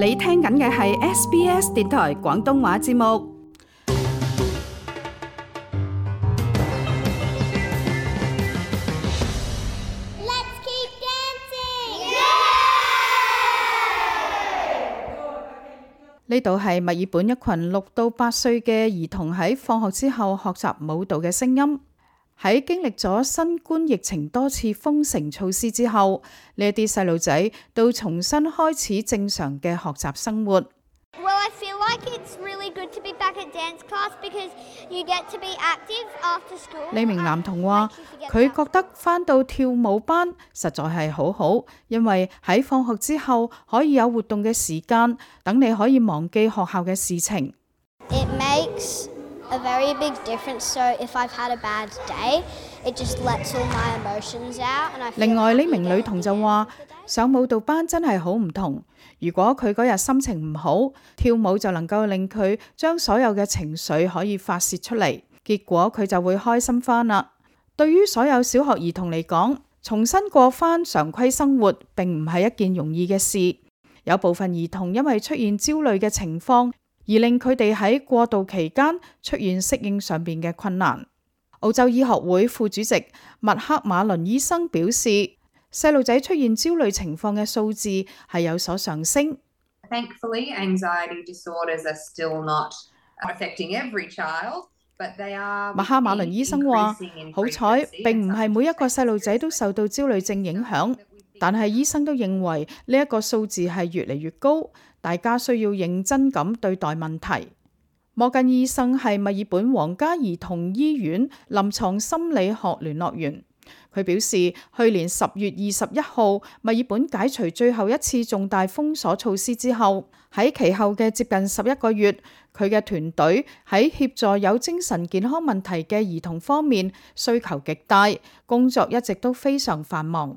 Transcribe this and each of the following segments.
你聽緊嘅係 SBS 電台廣東話節目。呢度係墨爾本一群六到八歲嘅兒童喺放學之後學習舞蹈嘅聲音。喺經歷咗新冠疫情多次封城措施之後，呢啲細路仔都重新開始正常嘅學習生活。呢、well, like really、名男童話：佢 I 覺得返到跳舞班實在係好好，因為喺放學之後可以有活動嘅時間，等你可以忘記學校嘅事情。另外，呢名女童就話：上舞蹈班真係好唔同。如果佢嗰日心情唔好，跳舞就能夠令佢將所有嘅情緒可以發泄出嚟。結果佢就會開心返喇。對於所有小學兒童嚟講，重新過返常規生活並唔係一件容易嘅事。有部分兒童因為出現焦慮嘅情況。而令佢哋喺過渡期間出現適應上邊嘅困難。澳洲醫學會副主席麥克馬倫醫生表示，細路仔出現焦慮情況嘅數字係有所上升。Thankfully, anxiety disorders are still not affecting every child, but they are. 麥克馬倫醫生話：好彩，並唔係每一個細路仔都受到焦慮症影響。但係，醫生都認為呢一個數字係越嚟越高，大家需要認真咁對待問題。莫根醫生係墨爾本皇家兒童醫院臨牀心理學聯絡員，佢表示，去年十月二十一號墨爾本解除最後一次重大封鎖措施之後，喺其後嘅接近十一個月，佢嘅團隊喺協助有精神健康問題嘅兒童方面需求極大，工作一直都非常繁忙。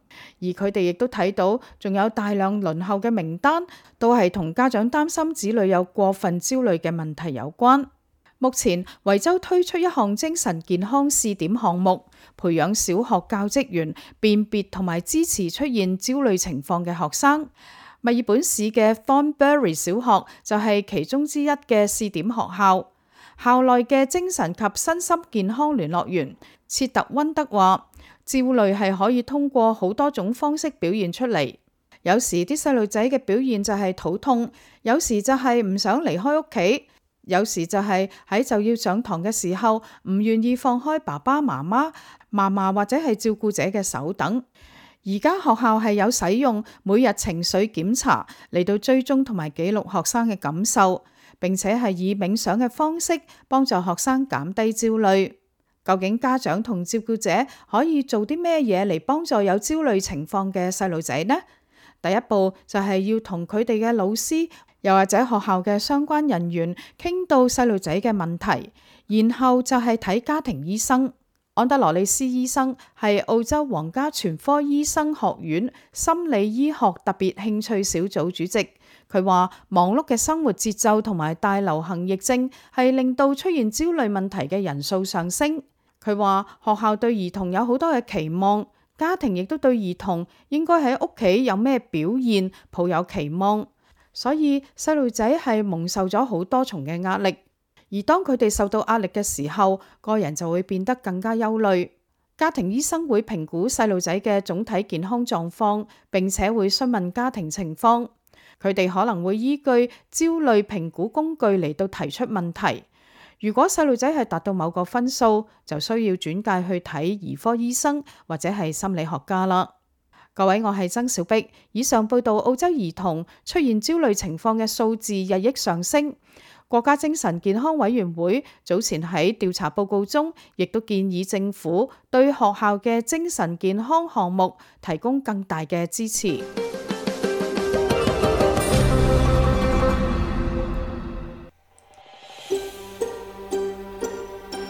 而佢哋亦都睇到，仲有大量輪候嘅名單，都係同家長擔心子女有過分焦慮嘅問題有關。目前維州推出一項精神健康試點項目，培養小學教職員辨別同埋支持出現焦慮情況嘅學生。墨爾本市嘅 Thornbury 小學就係其中之一嘅試點學校。校內嘅精神及身心健康聯絡員切特溫德話。焦慮係可以通過好多種方式表現出嚟，有時啲細路仔嘅表現就係肚痛，有時就係唔想離開屋企，有時就係喺就要上堂嘅時候唔願意放開爸爸媽媽、嫲嫲或者係照顧者嘅手等。而家學校係有使用每日情緒檢查嚟到追蹤同埋記錄學生嘅感受，並且係以冥想嘅方式幫助學生減低焦慮。究竟家長同照顧者可以做啲咩嘢嚟幫助有焦慮情況嘅細路仔呢？第一步就係要同佢哋嘅老師，又或者學校嘅相關人員傾到細路仔嘅問題，然後就係睇家庭醫生。安德羅里斯醫生係澳洲皇家全科醫生學院心理醫學特別興趣小組主席。佢話，忙碌嘅生活節奏同埋大流行疫症係令到出現焦慮問題嘅人數上升。佢話，學校對兒童有好多嘅期望，家庭亦都對兒童應該喺屋企有咩表現抱有期望，所以細路仔係蒙受咗好多重嘅壓力。而當佢哋受到壓力嘅時候，個人就會變得更加憂慮。家庭醫生會評估細路仔嘅總體健康狀況，並且會詢問家庭情況。佢哋可能會依據焦慮評估工具嚟到提出問題。如果細路仔係達到某個分數，就需要轉介去睇兒科醫生或者係心理學家啦。各位，我係曾小碧。以上報道澳洲兒童出現焦慮情況嘅數字日益上升。國家精神健康委員會早前喺調查報告中，亦都建議政府對學校嘅精神健康項目提供更大嘅支持。